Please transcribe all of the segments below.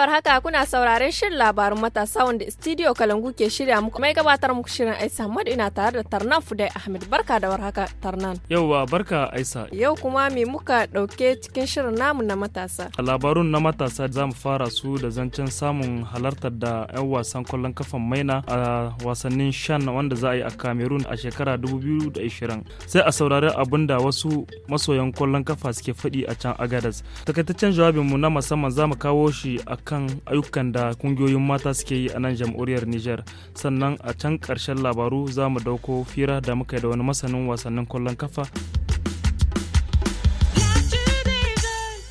da haka kuna sauraren shirin labarun matasa wanda studio Kalangu ke shirya muku mai gabatar muku shirin Aisa Ahmad ina tare da Tarnan Fudai Ahmed barka da haka Tarnan. Yauwa barka Aisa. Yau kuma me muka dauke cikin shirin namu na matasa. A labarun na matasa za mu fara su da zancen samun halartar da 'yan wasan kwallon kafan maina a wasannin shan wanda za a yi a Cameroon a shekara 2020. Sai a saurari abin da wasu masoyan kwallon kafa suke faɗi a can Agadas. Takaitaccen jawabinmu na musamman za mu kawo shi a kan ayyukan da kungiyoyin mata suke yi a nan jamhuriyar Nijar. Sannan a can karshen labaru za mu dauko fira da muka yi da wani masanin wasannin kwallon kafa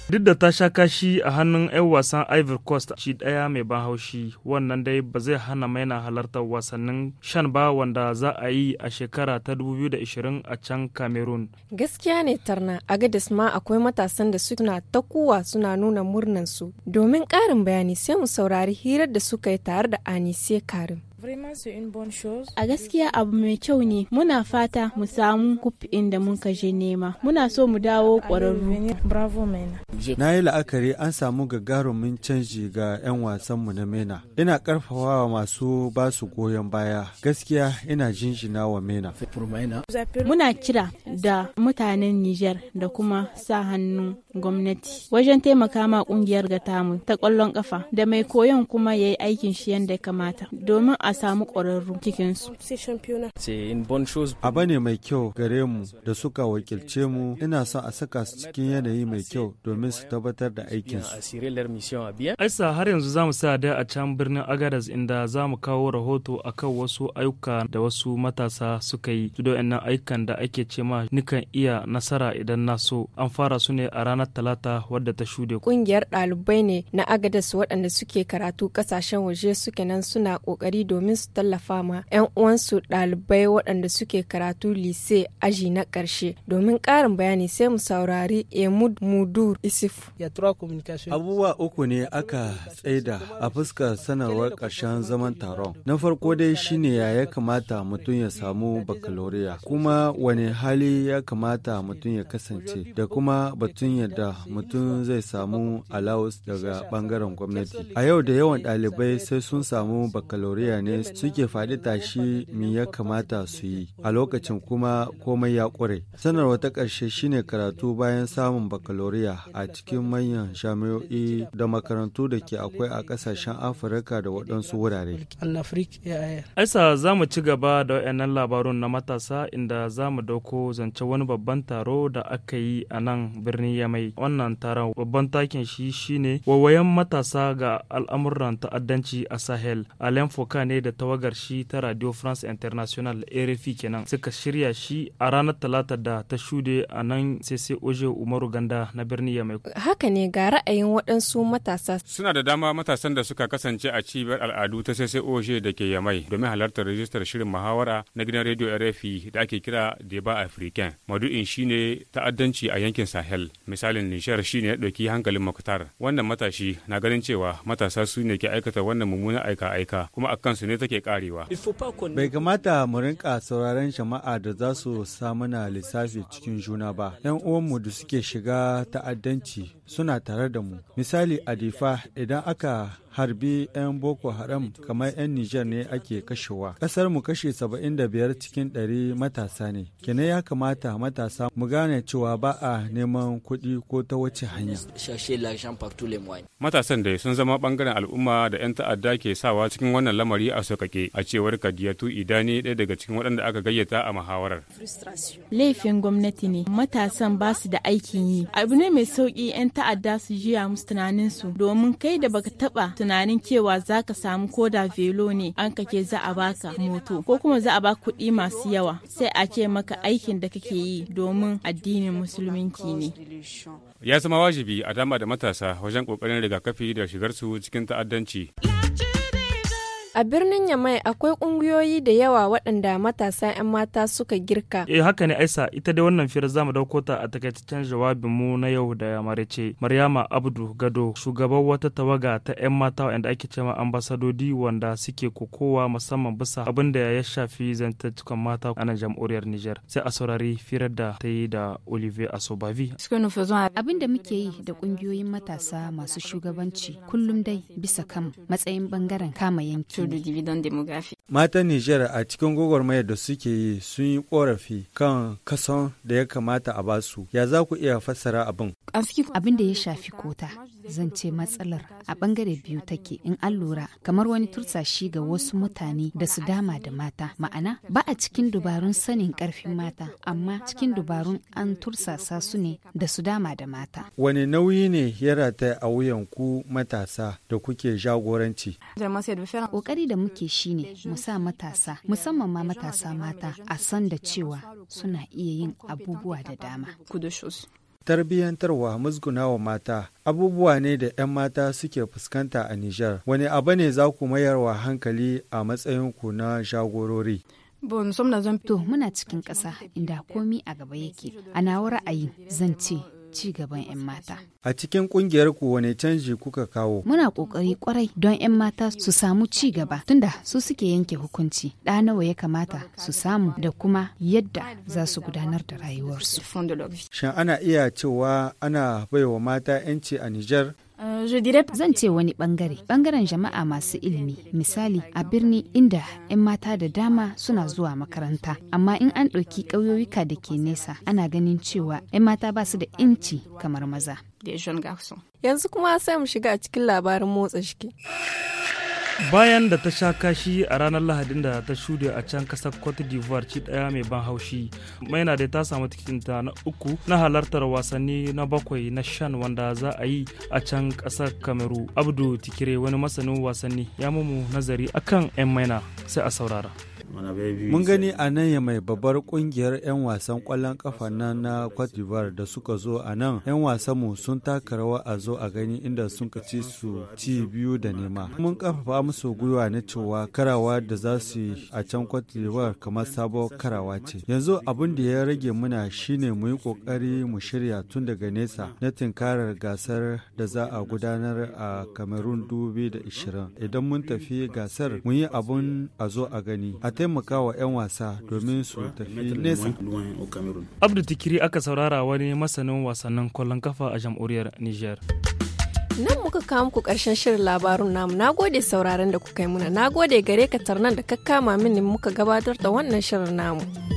Duk da ta sha kashi a hannun 'yan wasan Ivory Coast shi daya mai ban haushi wannan dai ba zai hana maina halartar wasannin shan ba wanda za a yi a shekara ta 2020 a can Cameroon. Gaskiya ne tarna a gadis ma akwai matasan da suna ta kuwa suna nuna murnan su. Domin karin bayani sai mu saurari hirar da suka yi tare da Anise Karim. A gaskiya abu mai kyau ne muna fata mu samu kufi inda mun je nema. Muna so mu dawo ƙwararru. Na yi la'akari an samu gagarumin canji ga 'yan wasanmu na MENA. Ina karfafa masu basu goyon baya. Gaskiya ina jinjina wa MENA. Muna kira da mutanen Nijar da kuma sa hannu gwamnati wajen taimaka ma kungiyar ga tamu ta kwallon kafa da mai koyon kuma ya yi aikin shi yadda ya kamata domin a samu ƙwararru cikinsu. a bane mai kyau gare mu da suka wakilce mu ina son a saka su cikin yanayi mai kyau domin domin su tabbatar da aikinsu. Aisa har yanzu za mu sa da a can birnin Agadas inda za mu kawo rahoto akan wasu ayyuka da wasu matasa suka yi. Su da ayyukan da ake ce ma nikan iya nasara idan na so. An fara su ne a ranar Talata wadda ta shude. Kungiyar ɗalibai ne na Agadas waɗanda suke karatu ƙasashen waje suke nan suna ƙoƙari domin su tallafa ma 'yan uwansu ɗalibai waɗanda suke karatu lise aji na ƙarshe. Domin ƙarin bayani sai mu saurari Emud Mudur Abubuwa uku ne aka tsaida a fuskar sanarwar ƙarshen zaman taron. Na farko dai shine ya ya kamata mutum ya samu bakaloriya, kuma wani hali ya kamata mutum ya kasance, da kuma batun yadda mutum zai samu alawus daga bangaren gwamnati. A yau da yawan ɗalibai sai sun samu bakaloriya ne suke faɗi tashi me ya kamata su yi, a lokacin kuma komai ya ƙure. Sanarwa ta ƙarshe shine karatu bayan samun bakaloriya a cikin manyan jami'o'i da makarantu da ke akwai a kasashen Afirka da waɗansu wurare. Aisa za mu ci gaba da wayannan labarun na matasa inda za mu dauko zance wani babban taro da aka yi a nan birnin Yamai. Wannan taron babban takin shi shine wawayen matasa ga al'amuran ta'addanci a Sahel. Alain Foka ne da tawagar shi ta Radio France International RFI kenan suka shirya shi a ranar talata da ta shude a nan sai sai Oje Umaru Ganda na birnin Yamai Haka ne ga ra'ayin waɗansu matasa. Suna da dama matasan da suka kasance a cibiyar al'adu ta CCOJ da ke Yamai domin halartar rajistar shirin muhawara na gidan rediyo RFI da ake kira Deba African. Madu'in shine ta'addanci a yankin Sahel. Misalin Nishar shine ya ɗauki hankalin Muktar. Wannan matashi na ganin cewa matasa su ne ke aikata wannan mummunan aika-aika kuma a kansu ne take karewa. Bai kamata mu rinka sauraron jama'a da za su samuna lissafi cikin juna ba. 'Yan uwanmu da suke shiga ta'addanci inganci suna tare da mu. Misali adifa idan aka harbi 'yan Boko Haram kamar 'yan Nijar ne ake kashewa. Kasar mu kashe 75 cikin 100 matasa ne. Kene ya kamata matasa mu gane cewa ba a neman kuɗi ko ta wace hanya. Matasan da sun zama bangaren al'umma da 'yan ta'adda ke sawa cikin wannan lamari a sokake a cewar Kadiyatu Idani ɗaya daga cikin waɗanda aka gayyata a muhawarar. Laifin gwamnati ne matasan ba su da aikin yi. Abu ne mai sauƙi 'yan ta'adda su jiya musu tunanin su domin kai da baka taɓa tunanin cewa za ka samu koda velo ne an kake za a baka moto ko kuma za a baka kuɗi masu yawa sai a ce maka aikin da kake yi domin addinin musulminki ne. Ya zama wajibi a dama da matasa wajen ƙoƙarin rigakafi da shigarsu cikin ta'addanci. A birnin Yamai akwai ƙungiyoyi da yawa waɗanda matasa 'yan mata suka girka. Eh haka ne Aisa ita da wannan firar zamu dauko ta a takaitaccen jawabin mu na yau da marece. Maryama Abdu Gado shugaban wata tawaga ta 'yan mata waɗanda ake cewa ambasadodi wanda suke kokowa musamman bisa abin da ya shafi zantattukan mata a nan jam'uriyar niger Sai a saurari firar da ta yi da Olivier Asobavi. Abin da muke yi da kungiyoyin matasa masu shugabanci kullum dai bisa kan matsayin bangaren kama yanki da dividend demography. Matan Nijar a cikin gwagwarmayar da suke yi sun yi korafi kan kason da ya kamata a basu. Ya za ku iya fassara abin? Abin da ya shafi kota zan ce matsalar a bangare biyu take in an lura kamar wani tursashi ga wasu mutane da su dama da mata ma'ana ba a cikin dubarun sanin karfin mata amma cikin dubarun an tursasa su ne da su dama da mata. Wani nauyi ne ya rata a wuyan ku matasa da kuke jagoranci? kokari da muke shine mu sa matasa musamman ma matasa mata a san da cewa suna iya yin abubuwa da dama tarbiyyantarwa musgunawa mata abubuwa ne da 'yan mata suke fuskanta a Nijar wani abu ne za ku mayarwa hankali a matsayinku na shagorori? To muna cikin ƙasa inda komi a gaba yake. A nawa ra'ayi zan ce ci gaban 'yan mata. A cikin kungiyar ku wane canji kuka kawo? Muna kokari kwarai don 'yan mata su samu ci gaba tunda su suke yanke hukunci ɗa nawa ya kamata su samu da kuma yadda za su gudanar da rayuwarsu. Shin ana iya cewa ana baiwa mata 'yanci a Nijar? Zan ce wani bangare, bangaren jama'a masu ilimi, misali a birni inda 'yan mata da dama suna zuwa makaranta, amma in an ɗauki ƙauyoyuka da ke nesa ana ganin cewa 'yan mata ba su da inci kamar maza. Yanzu kuma sai mu shiga cikin labarin motsa jiki. bayan da ta sha kashi a ranar lahadin da ta shuɗe a can kasar cote d'ivoire ci ɗaya mai ban haushi maina da ta samu tikinta na uku na halartar wasanni na bakwai na shan wanda za a yi a can kasar kameru abdu tikire wani masanin wasanni ya mumu nazari akan 'yan maina sai a saurara Mun gani a nan ya mai babbar kungiyar 'yan wasan kwallon kafa na na Cote d'Ivoire da suka zo a nan 'yan wasanmu sun taka rawa a zo a gani inda sun ci su ci biyu da nema. Mun kafafa musu gwiwa na cewa karawa da za su yi a can Cote d'Ivoire kamar sabo karawa ce. Yanzu abin da ya rage muna shine mu yi kokari mu shirya tun daga nesa na tinkarar gasar da za a gudanar a Cameroon 2020. Idan mun tafi gasar mun yi abun a zo a gani. taimaka wa 'yan wasa domin su tafi nesa. Abdu Tikiri aka saurara wani masanin wasannin kwallon kafa a jam'uriyar Nijar. Nan muka kawo muku karshen shirin labarun namu na gode sauraron da kuka yi muna na gode gare ka tarnan da ka kama min muka gabatar da wannan shirin namu.